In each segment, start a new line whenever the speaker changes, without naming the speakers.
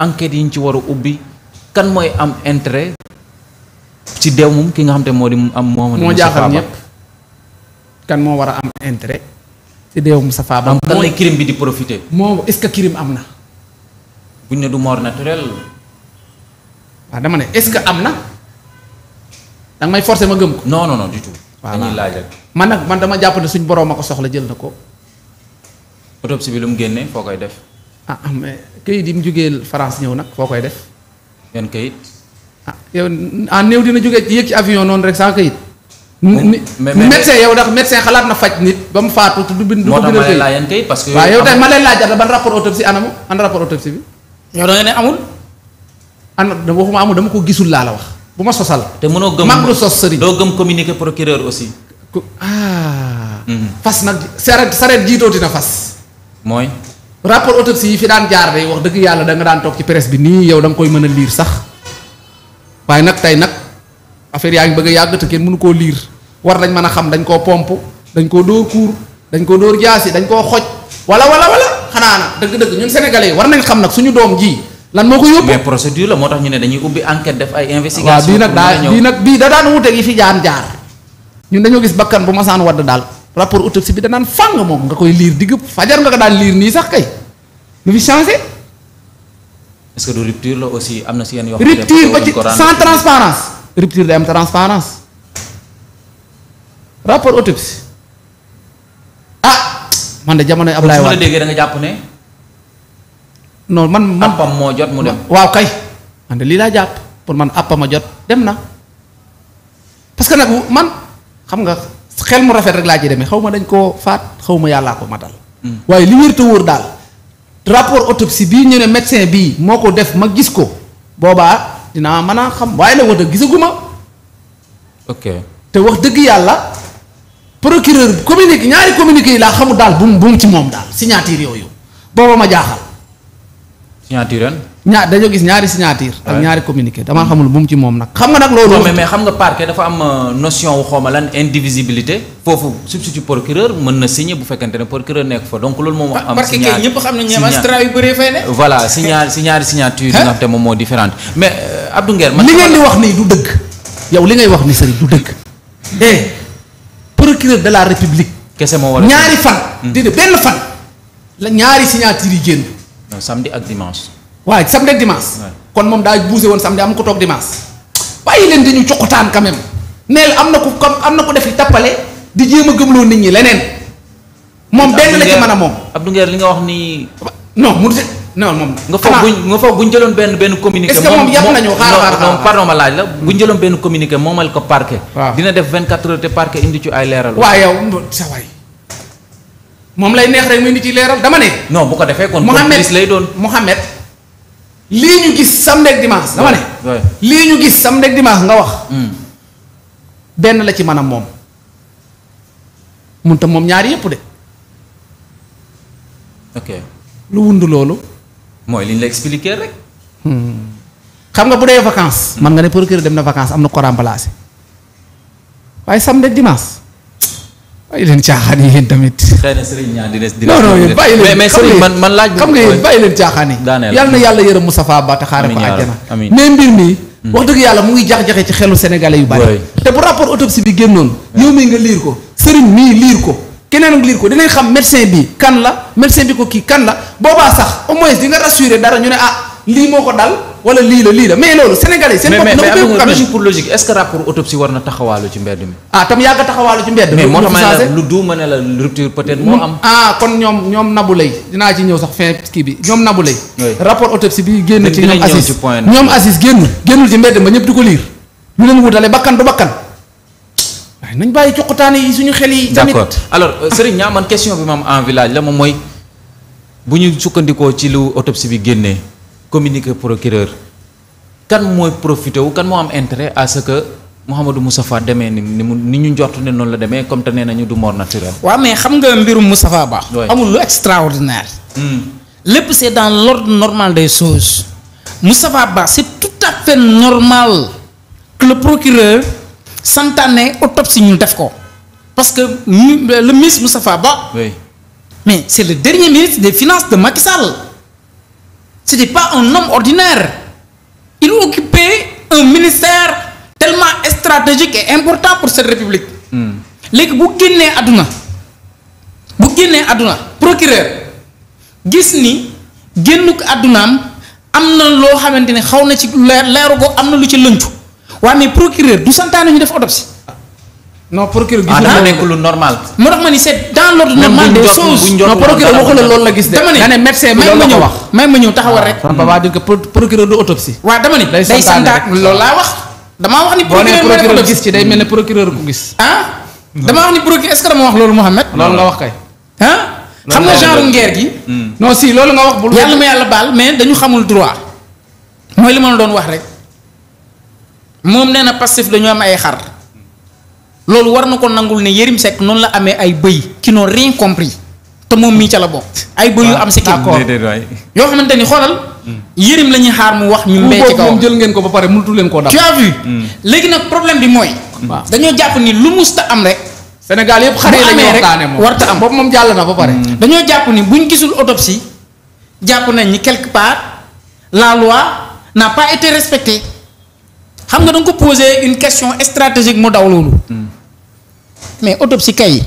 enquêtes yi ñu ci war a ubbi kan mooy am intérêt ci deew moom ki nga xam te moo di am moo moo jaaxal ñëpp
kan moo war a am intérêt ci deew Moussa Faba am kan lay crime bi di profité moo est-ce que crime am na buñ ne du mort naturel waaw dama ne est-ce que am na danga may forcer ma gëm ko non non non du tout dañuy man nag man dama jàpp ne suñ borom ma ko soxla jël na ko
autopsie bi lu mu génnee foo koy def
ah mais eh, kayit yi mu jógee France ñëw nag foo koy def. yan kayit. ah yow ah néew dina jógee yéeg ci avion noonu rek sans kayit. Oh, mais médecin yow ndax médecin xalaat na faj nit ba mu faatu du bind. du ko bindal kayit moo tax ma lay laajante
kayit parce que. waaw yow ma lay
laajal ban rapport autopsie anamu an rapport autopsie bi. yow da ne amul. an dama ko gisul laa la wax. bu ma sosal. te mënoo gëm mag lu sos sëriñ. doo gëm communiqué procureur aussi. ah. Mm-hmm. fas nag sareet sareet jiitooti na fas. mooy. rapport autopsie yi fi daan jaar day wax dëgg yàlla danga daan toog ci presse bi nii yow da nga koy mën a liir sax waaye nag tey nag affaire yaa ngi bëgg a yàgg te kenn mënu koo liir war nañ mën a xam dañ koo pomp dañ koo dóor kuur dañ koo dóor jaasi dañ koo xoj wala wala wala xanaa nag dëgg-dëgg ñun sénégalais war nañ xam nag suñu doom ji lan moo ko yóbbu mais la moo tax ñu ne dañuy ubbi enquête def ay investigation waaw bii nag daa bii nag bii da daan wuute yi fi jaan jaar ñun dañoo gis bakkan bu masaan wadd daal rapport autopsie bi danaan fàng moom nga koy liir digg fajar nga ko daan liir nii sax kay lu fi changé.
est la aussi am na si yenn yoo xam ne rupture ba ci sans
transparence rupture day am transparence rapport autopsie ah man de jamonoy Ablaye Wade su ma la déggee da jàpp ne. non man man appam moo jot mu dem. waaw kay man de lii laa jàpp pour man appam a jot dem na parce nag man xam nga. xel mu rafet rek laa ci demee xaw ma dañ koo faat xaw ma yàllaa ko matal. Hmm. waaye li wér te wóor daal rapport autopsie bii ñu ne médecin bii moo ko def ma gis ko boobaa dinaa mën a xam waaye nag wax dëgg gisaguma ok te wax dëgg yàlla procureur communiqué ñaari communiqué yi laa xamul daal bu mu bu mu ci moom daal signature yooyu booba ma jaaxal. signature ñaar dañoo gis ñaari signature ak ñaari communiqué damaa xamul bu mu ci moom nag. xam nga nag loolu. mais
mais xam nga parquet dafa am euh, notion wu xawma lan indivisibilité. foofu substitut procureur mën na signer bu fekkente ne procureur nekk fa donc loolu moom. Ah, am parce que yu bëree fay ne. voilà si ñaar si ñaari nga xam te moom moo différente
mais euh, Abdou Nguer. man li ngeen di wax nii du dëgg. yow li ngay wax ni Serigne du dëgg. eh procureur de la république. kese moo war ñaari fan. Hmm. déedéet benn fan la ñaari signature yi génn. non samedi ak dimanche. waaw samedi ak dimanche. kon moom daa bougé woon samedi am ko toog dimanche. bàyyi leen di ñu cokkutaan quand même. neel am na ku comme am na ku def li tappale di jéem a gëmloo nit ñi leneen. moom benn la ci mën a moom
Abdou Nguer li nga wax nii. non mu non moom. nga foog buñ nga foog buñ jëloon benn benn communiqué. est moom yàpp nañu xaaral non pardon ma laaj la buñ jëloon benn ko parquet. dina def 24 heures te parquet indi
moom lay neex rek muy nit yi leeral dama ne. non bu ko defee kon. Mouhamed lay doon Mouhamed lii ñu gis samedi dimanche. dama ne lii ñu gis samedi ak dimanche nga wax. Hmm. benn la ci man a moom. mun tam moom ñaari yëpp de. lu wund loolu.
mooy liñ ñu la expliqué rek.
Hmm. xam nga bu dee vacance. man nga ne procureur dem na vacance am na ko remplacé. waaye samedi ak dimanche. bàyyi leen caaxaan yi yéen tamit.
xëy na Serigne ñaa di des. di non non yéen bàyyi leen mais Serigne man man laaj. xam nga yéen bàyyi
leen Ba te xaare ko àjjana. mais hmm. yàlla mu ngi jax-jaxe ci xelu sénégalais yu bari. te bu rapport autopsie bi génnoon. yow mii nga liir ko Serigne mii liir ko. keneen liir ko dinañ xam médecin bi kan la médecin bi ko kii kan la boobaa sax au moins di dara ñu ne ah lii moo ko dal wala lii la lii la mais loolu sénégalais seen bopp na ko logique pour
logique est-ce que rapport autopsie war na taxawaalu ci mbedd mi
ah tam yàgg a taxawaalu ci mbedd mi mais moo tax ma ne la lu duuma ne la rupture peut-être moo am ah kon ñoom ñoom nabu lay dinaa ci ñëw sax fin kii bi ñoom nabu lay rapport autopsie bi génn ci ñoom Aziz ñoom Aziz génn génnul ci mbedd ma ñëpp di ko liir ñu leen wutale bakkan du bakkan waaye nañ bàyyi cuqutaan yi suñu xel yi tamit d'accord alors euh, Serigne Niang man question bi ma am
en village la moom mooy bu ñu sukkandikoo ci lu autopsie bi génnee communiqué procureur kan mooy profité wu kan moo am intérêt à ce que Mouhamadou Moustapha
demee ni mu ni ñu njort ne noonu la demee comme te nee nañu du mort naturel. waaw mais xam nga mbirum Moustapha Ba. amul lu extraordinaire. Hmm. lépp c' est dans l' normal des choses. Moustapha Ba c' est tout à fait normal que le procureur santaane autopsie ñu def ko parce que le ministre Moustapha Ba. oui mais c' est le dernier ministre des finance de Macky c'était pas un homme ordinaire il occupait un ministère tellement stratégique et important pour cette république hmm. léegi bu génnee àdduna bu génnee àdduna procureur gis ni génnuk àddunaam am na loo xamante ne xaw na ci leer leeru ko am na lu ci lëncu waaye mais procureur du santaane ñu def
autopsie non procureur gis ah, na nekk lu normal.
moo tax ma ni c'est dans l'ordre normal des choses non procureur waxu la loolu la gis de. dama ni nga ne médecin may ma ñëw may ma taxawal rek. procureur du autopsie. waaw dama ni day santaat loolu laa wax.
damaa wax ni procureur gis ci day mel ne procureur ko
gis. ah damaa wax ni procureur est-ce que dama wax loolu Mouhamed. loolu nga wax kay. ah
xam na genre ngeer gi. Hmm.
no si loolu nga wax. bul yàlla ma yàlla baal mais dañu xamul droit. mooy li ma doon wax rek moom nee na passif dañu am ay xar loolu war na ko nangul ne Yérim Seck noonu la amee ay bëy qui n'ont rien compris te moom mii ca la bokk. ay bëy yu am si kii yoo xamante ni xoolal. Yérim la ñuy xaar mu wax ñu. mbéy ci kawam moom jël ngeen ko ba pare mënatu leen koo dab. tu as hmm. léegi nag problème bi mooy. dañoo jàpp ni lu musta am rek. Sénégal yëpp xare la ñuy waxtaane moom warta am boobu moom jàll na ba pare. Hmm. dañoo jàpp ni buñ gisul autopsie jàpp nañ ni quelque part la loi n'a pas été respectée. xam nga da ko poser une question stratégique mu daw loolu. Hmm. mais autopsie kay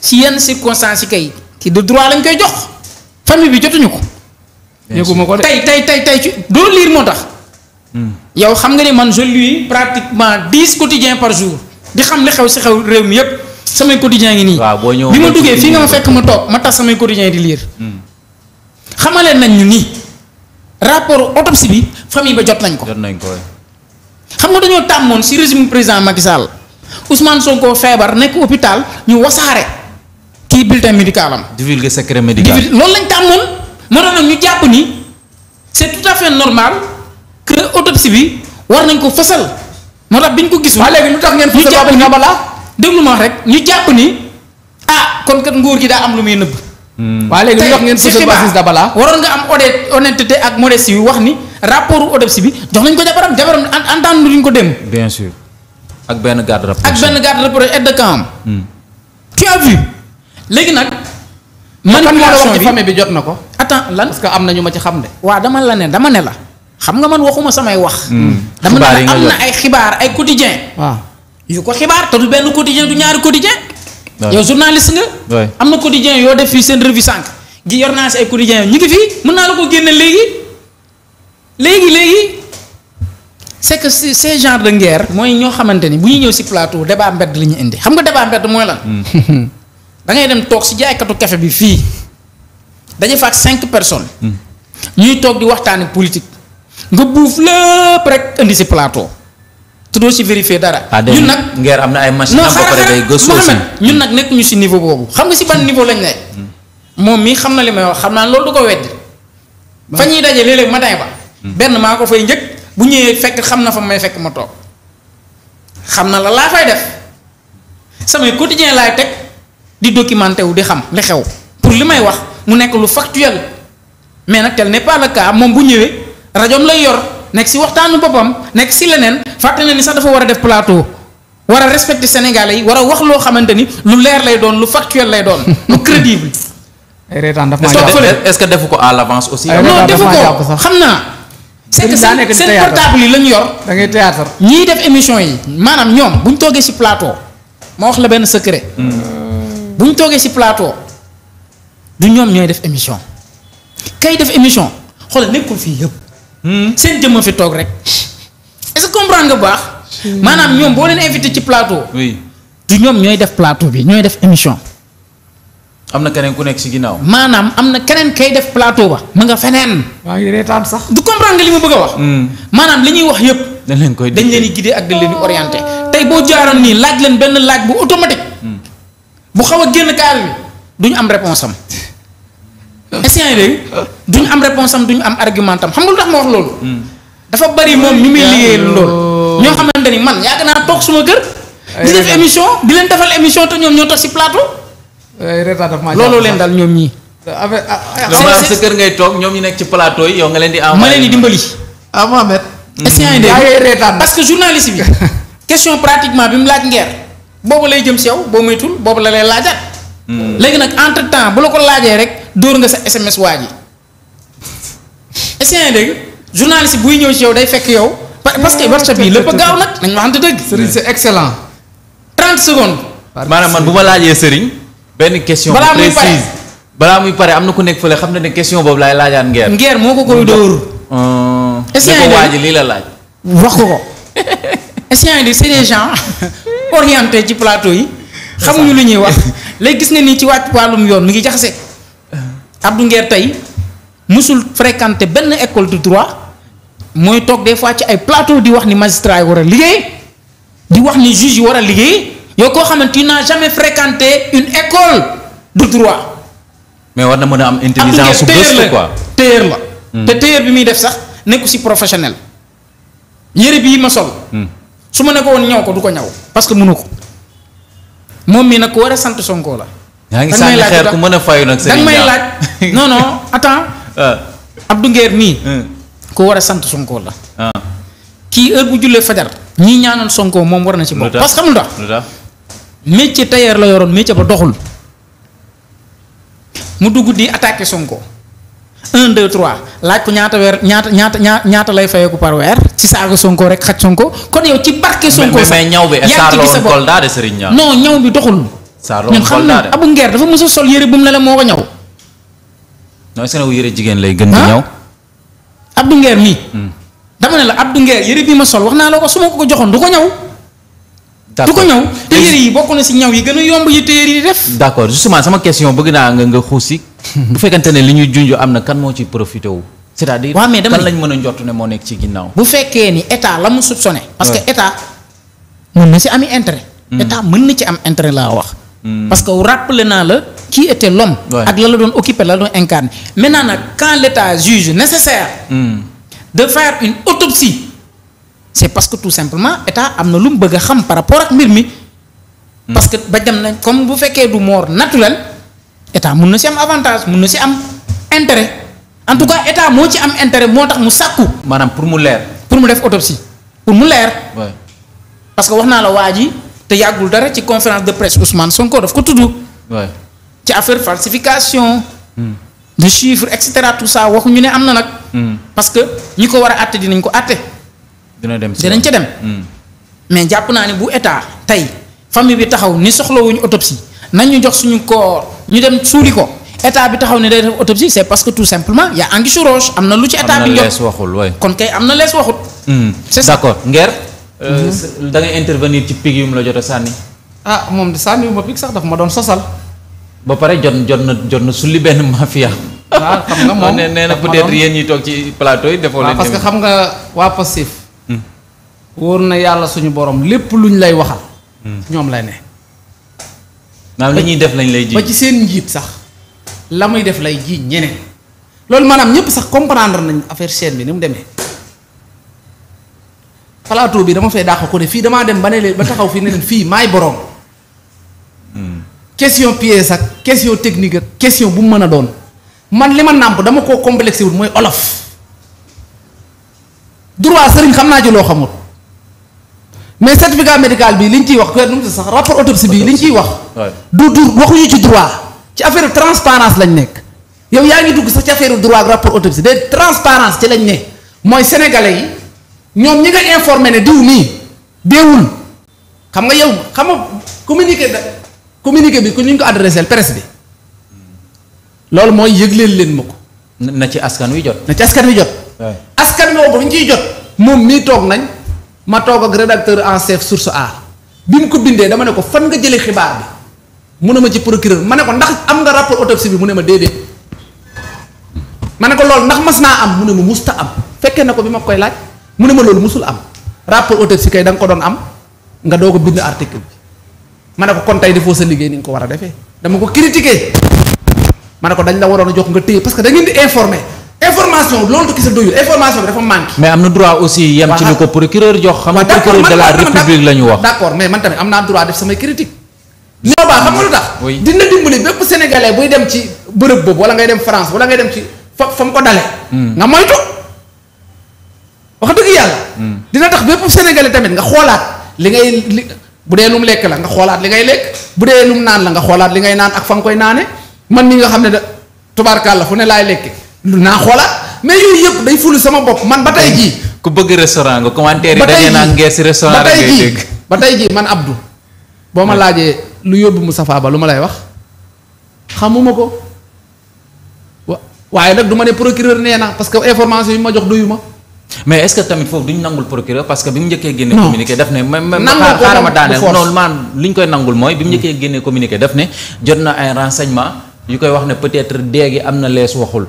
si yenn circonstances yi kay ki de droit lañ koy jox famille bi jotuñu ko. yëguma ko de tey tey tey tey ci doo liir moo tax. Hmm. yow xam nga ni man je lis pratiquement dix quotidiens par jour di xam li xew si xew réew mi yépp samay quotidiens ngi nii. bi ma duggee fii nga ma fekk ma toog ma tax samay quotidiens di liir. Hmm. xamaleen nañ ñu nii rapport autopsie bi famille ba jot nañ ko. jot nañ ko xam nga dañoo tàmmoon si régime président Macky Sall Ousmane Sonko feebar nekk hôpital ñu wasaare kii bulletin médical am.
divulguer secret médical
loolu lañ tàmmoon moo tax nag ñu jàpp ni c'est tout à fait normal que autopsie bi war nañ ko fësal moo tax bi ñu ko gisul. waaw léegi lu tax ngeen fësal baabal nga balaa déglu ma wax rek ñu jàpp ni ah kon kat nguur gi daa am lu muy nëbb. Hmm. waaw léegi lu tax ngeen fësal Aziz Dabala waroon nga am honnêteté ak modestie yu wax ni. rapport autopsie bi jox nañ ko jabaram jabaram entendre luñ ko dem.
bien sûr ak benn garde rapproché ak benn
garde rapproché aide de camp. tu hmm. as vu léegi nag. manipulation bi famille bi jot na ko. attends lan parce que am na ñu ma ci xam de. waaw dama la ne dama ne la xam nga man waxuma samay wax.
Hmm. dama ne la am na
ay xibaar ay quotidien waaw yu ko xibaar te du benn quotidien du ñaari quotidien yow journaliste nga. am na quotidien yoo def fii seen revue sànq. gi yor naa si ay quotidien ñu ngi fii mën naa la ko génn léegi. léegi léegi c'est que ces genre de guerre mooy ñoo xamante ni bu ñu ñëw si plateau débat mbedd li ñu indi xam nga débat mbedd mooy lan.
Hmm.
dangay ngay dem toog si jaaykatu café bi fii daje fa ak cinq personnes. Hmm. ñu toog di waxtaane politique nga buuf lépp rek indi ci plateau. te doo ci vérifier dara. Ah, ñun nag ngeer am na ay machine am ba nag nekkuñu ci niveau boobu xam nga si ban hmm. niveau lañ ne. moom mi xam na li may wax xam naa loolu du ko weddi. fa ñuy daje léeg-léeg matin ba. benn maa ko fay njëkk bu ñëwee fekk xam na fa may fekk ma toog xam na la laa fay def samay quotidien laay teg di documenté wu di xam li xew pour li may wax mu nekk lu factuel mais nag tel n'est pas le moom bu ñëwee rajoom lay yor nekk si waxtaanu boppam nekk si leneen fàtte na ni sax dafa war a def plateau war a respecter Sénégalais yi war a wax loo xamante ni lu leer lay doon lu factuel lay doon lu crédible. Eh, reetaan daf
maa jàpp est-ce que defu ko à l'avance aussi. non xam
naa. c'est que seen seen portable yi lañ yor. da ngay théâtre ñiy def émission yi maanaam ñoom bu ñu toogee si plateau ma wax la benn secret. Hmm. bu ñu toogee si plateau du ñoom ñooy def émission kay def émission xoolal nekkul fii yëpp. Hmm. seen jëmm fi toog rek est-ce que comprendre nga baax. Hmm. maanaam ñoom boo leen invité ci plateau. oui du ñoom ñooy def plateau bi ñooy def émission. am na keneen ku nekk si ginnaaw. maanaam am na keneen kay def plateau ba. ma nga feneen. waa ngi reetaan sax. du comprendre nga li ma bëgg a wax. Hmm. maanaam li ñuy wax yëpp. dañ leen koy dañ leen di guider ak dañ leen di orienté. tey boo jaaroon nii laaj leen benn laaj bu automatique. Hmm. bu xaw a génn kaar bi duñ am réponse am. est-ce que léegi am réponse am duñ am argument xam nga lu tax ma wax loolu. Hmm. dafa bari moom ñu muy liggéey lool. ñoo xamante ni man yàgg naa toog suma kër. di def émission di leen defal émission te ñoo toog si plateau.
Eh, reetaan daf maa loolu leen daal ñoom ñii.
Eh, avec ah, ah, ah, sa
kër ngay toog ñoom ñi nekk ci plateau yi yow nga leen di. envoyé ma leen di dimbali.
ah Mohamed. est-ce que mm-hmm. parce que journaliste bi question pratiquement bi mu laaj ngeer boobu lay jëm si yow boo moytul boobu la lay laajaat. Mm. léegi nag entre temps bu la ko laajee rek dóor nga sa SMS waa ji est-ce que dégg buy ñëw si yow day fekk yow. parce que WhatsApp yi lépp gaaw nag. nañ waxante dëgg. Serigne c'est excellent. 30 secondes.
man bu ma laajee Serigne. benn question précise balaa muy pare am na ku nekk fële xam ne ne question boobu laay laajaan ngeer. ngeer moo ko koy dóor. Euh, est-ce que lii la laaj.
wax ko ko est-ce que c'est des gens orientés ci plateau yi. xamuñu lu ñuy wax léegi gis nga ni ci wàcc wàllum yoon mi ngi jaxase. Abdou Nguer tey mosul fréquenter benn école de droit mooy toog des fois ci ay plateau di wax ni magistrat yi war a liggéey di wax ni juge yi war a liggéey. yoo koo xamante tu n'as jamais fréquenté une école du troit
mais war na mën a am intelligence su gëstu quoi
téer la hmm. te téer bi muy def sax nekku si professionnel. yére bi ma sol. Hmm. su ma ne woon ñaw ko du ko ñaw parce que mënu ko moom mii nag ku war a sant Sonko la.
yaa ngi sànni xeer ku mën a fayu nag sëriñ may laaj
non non attends. Ah. Abdou Nguer mii. Ah. ku war a sant Sonko la. Ah. kii heure bu jullee fajar. ñii ñaanoon Sonko moom war na ci bopp. parce que xam métier tailleur la yoroon métier ba doxul mu dugg di attaqué Sonko un deux trois laaj ko ñaata weer ñaata ñaata ñaata lay fayeeku par weer ci saaga Sonko rek xaj Sonko kon yow ci barke. Sonko sax ñaw ñaw bi doxul.
ñun xam na abu
ngeer dafa mos a sol yëre bu mu ne la moo ko ñaw.
non est-ce que yëre jigéen lay gën di ah? ñaw.
Abdou Ngeer mii. Hmm. dama ne la Abdou ma sol wax naa la ko su ma ko joxoon du ko ñaw. du ko ñaw téyeer yi bokk si ñaw yi gën a yomb yi téyeer yi def.
d' accord justement sama question bëgg naa nga xuusi bu fekkante ne li ñuy junj am na kan moo ci profité wu. c' est à dire waaw mais dama kan mën a njort ne
moo nekk ci ginnaaw. bu fekkee ni état la mu soupçonné. parce que état mën na si ami intérêt. Hmm. état mën na ci am intérêt laa wax. Hmm. parce que rappelé naa la kii était l'homme ak la la doon occupé la la doon incarné maintenant nag quand l' état juge nécessaire. Hmm. c'est parce que tout simplement état am na lu mu bëgg a xam par rapport ak mbir mi. parce que ba dem nañ comme bu fekkee du mort naturel état mun na si am avantage mun na si am intérêt en tout cas état moo ci am intérêt moo tax mu sàkku. maanaam pour mu leer. pour mu def autopsie pour mu leer. parce que wax naa la waa ji te yàggul dara ci conférence de presse Ousmane Sonko daf ko tudd. ci affaire falsification. Hmm. de chiffre et cetera tout ça waxuñu ne am na nag. Hmm. parce que ñi ko war a àtte dinañ ko àtte. dina dem dinañ dem. Hmm. mais jàpp naa ne bu état tey famille bi taxaw ni soxlawuñu autopsie nañu jox suñu corps ñu dem suuli ko état bi taxaw ne day def autopsie c'est parce que tout simplement y a anguille sous roche am na lu ci état bi jox kon kay am na lees waxut.
Hmm. c'est ça d'accord Nguer. Euh, mhm. da intervenir ci pig yu mu la jot a sànni. ah moom de sànni wu ma pig sax dafa ma doon sosal. ba pare jot jot na jot na sulli benn mafia. waaw ah, xam nga moom nee na peut-être toog ci plateau
wóor na yàlla suñu borom lépp lu luñ lay waxal. Hmm. ñoom lay ne.
maanaam li ñuy def lañ lay ji. ba ci
seen njiit sax la muy def lay ji ñeneen loolu maanaam ñëpp sax comprendre nañ affaire chaîne bi ni mu demee. plateau bi dama fay dàq ko ne fii damaa dem ba ne leen ba taxaw fii ne leen fii maay borom. Hmm. question pièce ak question technique ak question bu mu mën a doon man li ma nàmp dama koo complexé wul mooy olof. droit sëriñ xam naa ci loo xamul. mais certificat médical bi li ñu ciy wax weer nu mu sax rapport autopsie bi li ñu ciy wax. du du waxuñu ci droit ci affaire transparence lañ nekk yow yaa ngi dugg sax ci affaire droit ak rapport autopsie de transparence ci lañ ne mooy sénégalais yi ñoom ñi nga informé ne diw nii déwul xam nga yow xam communiqué da communiqué bi ku ñu ko adressé presse bi loolu mooy yëgleel leen ma ko. na ci askan wi jot. na ci askan wi jot. askan boobu ñu ciy jot moom mii toog nañ. ma toog ak rédacteur en chef source a bi mu ko bindee dama ne ko fan nga jëlee xibaar bi mu ne ma ci procureur ma ne ko ndax am nga rapport autopsie bi mu ne ma déedéet ma ne ko loolu ndax mas naa am mu ne ma musta am fekkee na ko bi ma koy laaj mu ne ma loolu musul am rapport autopsie kay da nga ko doon am nga doo ko bind article bi ma ne ko kon tey defoo sa liggéey ni nga ko war a defee dama ko critiqué ma ne ko dañ la waroon a jox nga téye parce que da ngeen di informé. information loolu kese doyul information bi dafa manqué.
mais am na droit aussi yem ci ñu ko procureur jox. xam nga procureur de la république la ñu wax. d'
accord mais man tamit am naa droit def samay critique ñoo baax xam nga lu tax. dina dimbali bépp sénégalais buy dem ci bërëb boobu wala ngay dem France wala ngay dem ci fa fa mu ko dale hmm. nga moytu. wax dëgg yàlla. Hmm. dina tax bépp sénégalais tamit nga xoolaat li ngay li bu dee lum lekk la nga xoolaat li ngay lekk bu dee lum naan la nga xoolaat ngay naan ak fa koy naane man mi nga xam ne da tubaarkàlla fu ne laay lekk lu naa xoolaat mais yooyu yëpp day fulu sama bopp man ba tey jii.
ku bëgg restaurant nga commentaire yi dañu naan ngeer si restaurant rek ngay dégg
ba tey jii man Abdou. boo ma laajee lu yóbbu Moustapha Ba lu ma lay wax xamuma ko wa waaye nag du ma ne procureur nee na parce que information yi ma jox doyu ma.
mais est-ce que tamit foofu duñ nangul procureur parce que bi mu njëkkee génne communiqué daf ne même xaaral ma daaneel noonu man li ñu koy nangul mooy bi mu hmm. njëkkee génne communiqué daf ne jot na ay renseignement yu koy wax ne peut-être déegi am na lees waxul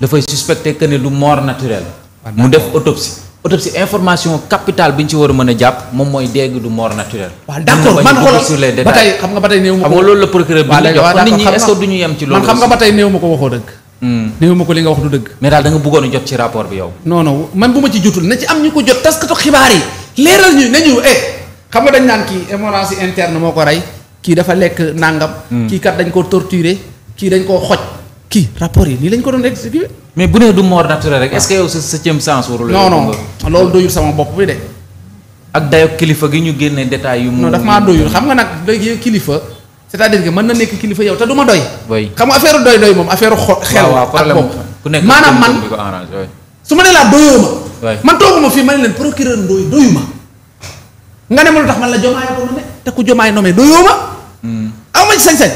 dafay suspecté que ne lu mort naturel. mu def autopsie. autopsie information capital bi ñu ci war a mën a jàpp moom mooy dégg du mort naturel. waaw d'accord man xoolal ba tey
xam nga ba tey néew ma ko. xam nga loolu ko waxoo dëgg. Hmm. néew ma ko li nga wax du dëgg. mais daal da nga a jot ci rapport bi yow. non non man bu ma ci jotul na ci am ñu ko jot taskatu xibaar yi leeral ñu nañu eh xam nga dañ naan kii hémorragie interne moo ko rey kii dafa lekk nàngam. Hmm. kii kat dañ ko torturer kii dañ koo xoj kii rapport yi nii lañ ko doon exécuté.
mais kilifa gi ñu génne détails yu. non daf maa doyul xam
nga nag léegi kilifa. cest na nekk kilifa yow te du ma doy. doy xam nga affaire su ma nee laa doyoo ma. man toogu ma fii ma ne leen procureur doy doyu ma. nga ne ma lu tax man la jomaay ko ku jomaay nommé doyoo ma. Hmm. aw ma ci sañ-sañ.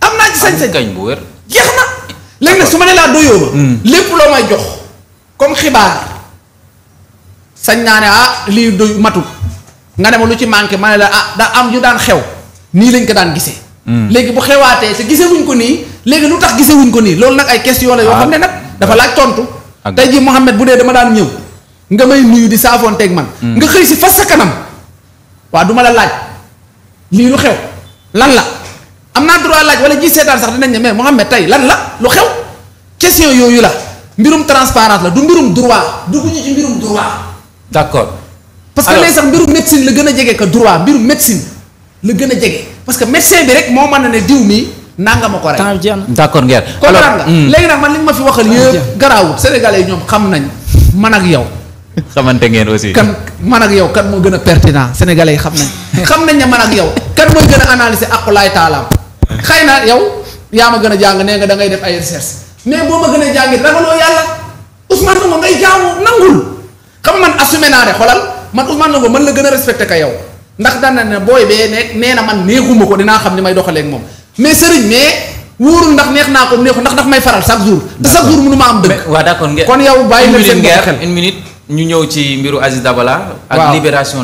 am
naa ci sañ-sañ kañ bu wér.
jeex na léegi nag su ma ne laa doyoo ma hmm. lépp loo may jox comme xibaar sañ naa ne ah lii doy matul nga ne ma lu ci manqué ma ne la ah daa am yu daan xew nii lañ ko daan gisee hmm. léegi bu xewaatee te gisee ko nii léegi lu tax gisewuñ ko nii loolu nag ay question la yoo ah. xam ne nag dafa laaj tontu tey jii Mouhamed bu dee dama daan ñëw nga may nuyu di saafoonteeg man hmm. nga xëy si fas sa kanam waa duma la laaj lii lu xew lan la am naa droit laaj wala ñi seetaan sax dinañ ne mais Mouhamed tey lan la lu xew question yooyu la mbirum transparence la du mbirum droit dugguñu ci mbirum droit. d'accord parce que léegi sax mbirum médecine la gën a jege que droit mbirum médecine la gën a jege parce que médecin bi rek moo mën na ne diw mii nanga ma ko rek. temps jeex na d'accord ngeen. nga hmm. léegi nag man li ma fi waxal yëpp garaawut Sénégalais yi ñoom xam nañ man ak yow.
xamante ngeen aussi. kan
man ak yow kan moo gën a pertinent sénégalais yi xam nañ. xam nañ ne man ak yow kan gën a analyser aqulaay xëy na yow yaa ma gën a jàng nee nga da def ay recherche mais boo ma gën a jàngit ragaloo yàlla Ousmane Sonko ngay jaamu nangul xam man assumé naa de xoolal man Ousmane Sonko man la gën a respecté ka yow ndax daan na ne booy bee ne nee na man neexuma ko dinaa xam ni may doxaleeg moom mais sëriñ mais. wóorul ndax neex naa ko neexul ndax daf may faral chaque jour. te chaque jour mënu ma am dëgg. waaw d'accord kon yow bàyyi leen seen bopp xel
une minute ñu ñëw ci mbiru Aziz Dabala. ak libération.